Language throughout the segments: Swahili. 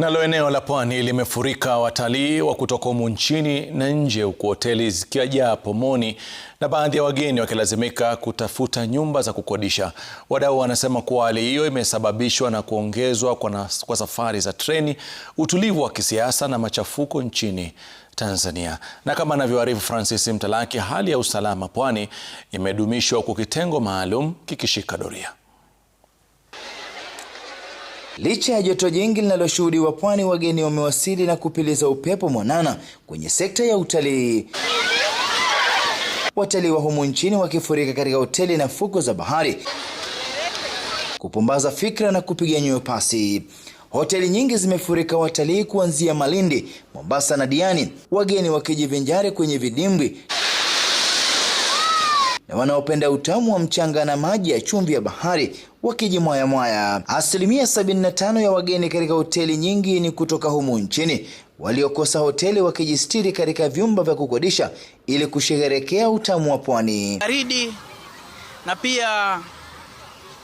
Nalo eneo la pwani limefurika watalii wa kutoka humu nchini na nje, huku hoteli zikiwajaa pomoni na baadhi ya wageni wakilazimika kutafuta nyumba za kukodisha. Wadau wanasema kuwa hali hiyo imesababishwa na kuongezwa kwa, na, kwa safari za treni, utulivu wa kisiasa na machafuko nchini Tanzania. Na kama anavyoarifu Francis Mtalaki, hali ya usalama pwani imedumishwa huku kitengo maalum kikishika doria. Licha ya joto jingi linaloshuhudiwa pwani, wageni wamewasili na kupiliza upepo mwanana kwenye sekta ya utalii. Watalii wa humu nchini wakifurika katika hoteli na fuko za bahari kupumbaza fikra na kupiga nyoyo pasi. Hoteli nyingi zimefurika watalii kuanzia Malindi, Mombasa na Diani, wageni wakijivinjari kwenye vidimbwi na wanaopenda utamu wa mchanga na maji ya chumvi ya bahari wakijimwayamwaya. Asilimia 75 ya wageni katika hoteli nyingi ni kutoka humu nchini, waliokosa hoteli wakijistiri katika vyumba vya kukodisha ili kusherehekea utamu wa pwani, baridi na pia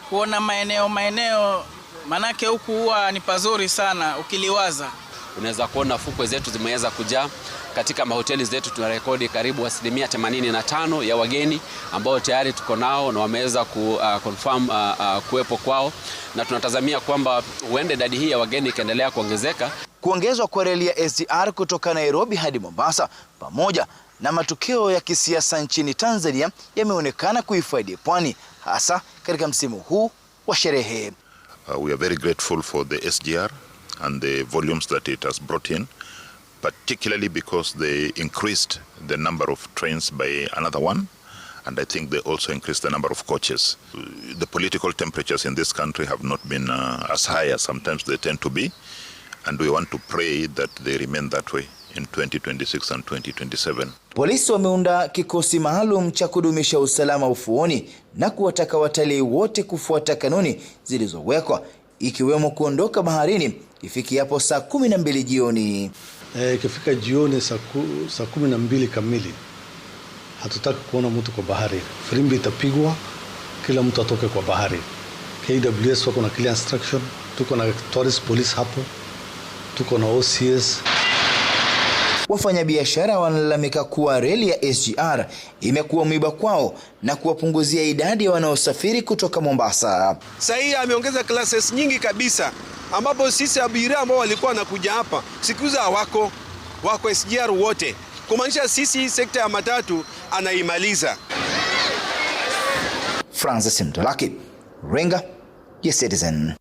kuona maeneo maeneo, manake huku huwa ni pazuri sana ukiliwaza Unaweza kuona fukwe zetu zimeweza kujaa. Katika mahoteli zetu tuna rekodi karibu asilimia 85 ya wageni ambao tayari tuko nao na wameweza ku, uh, confirm, uh, uh, kuwepo kwao, na tunatazamia kwamba huende idadi hii ya wageni ikaendelea kuongezeka. Kuongezwa kwa reli ya SGR kutoka Nairobi hadi Mombasa pamoja na matukio ya kisiasa nchini Tanzania yameonekana kuifaidi pwani hasa katika msimu huu wa sherehe. Uh, we are very grateful for the SGR and the volumes that it has brought in, particularly because they increased the number of trains by another one. And I think they also increased the number of coaches. The political temperatures in this country have not been uh, as high as sometimes they tend to be. And we want to pray that they remain that way in 2026 and 2027. Polisi wameunda kikosi maalum cha kudumisha usalama ufuoni na kuwataka watalii wote kufuata kanuni zilizowekwa ikiwemo kuondoka baharini ifikiapo saa kumi na mbili jioni. E, ikifika e, jioni saa kumi na mbili kamili hatutaki kuona mtu kwa bahari. frimbi itapigwa, kila mtu atoke kwa bahari. KWS wako na clear instruction, tuko na tourist police hapo, tuko na OCS Wafanyabiashara wanalalamika kuwa reli ya SGR imekuwa mwiba kwao na kuwapunguzia idadi ya wanaosafiri kutoka Mombasa. sahii ameongeza classes nyingi kabisa, ambapo sisi abiria ambao walikuwa wanakuja hapa siku hizi hawako, wako SGR wote, kumaanisha sisi sekta ya matatu anaimaliza. Francis Mtolaki, Ringa ya Citizen.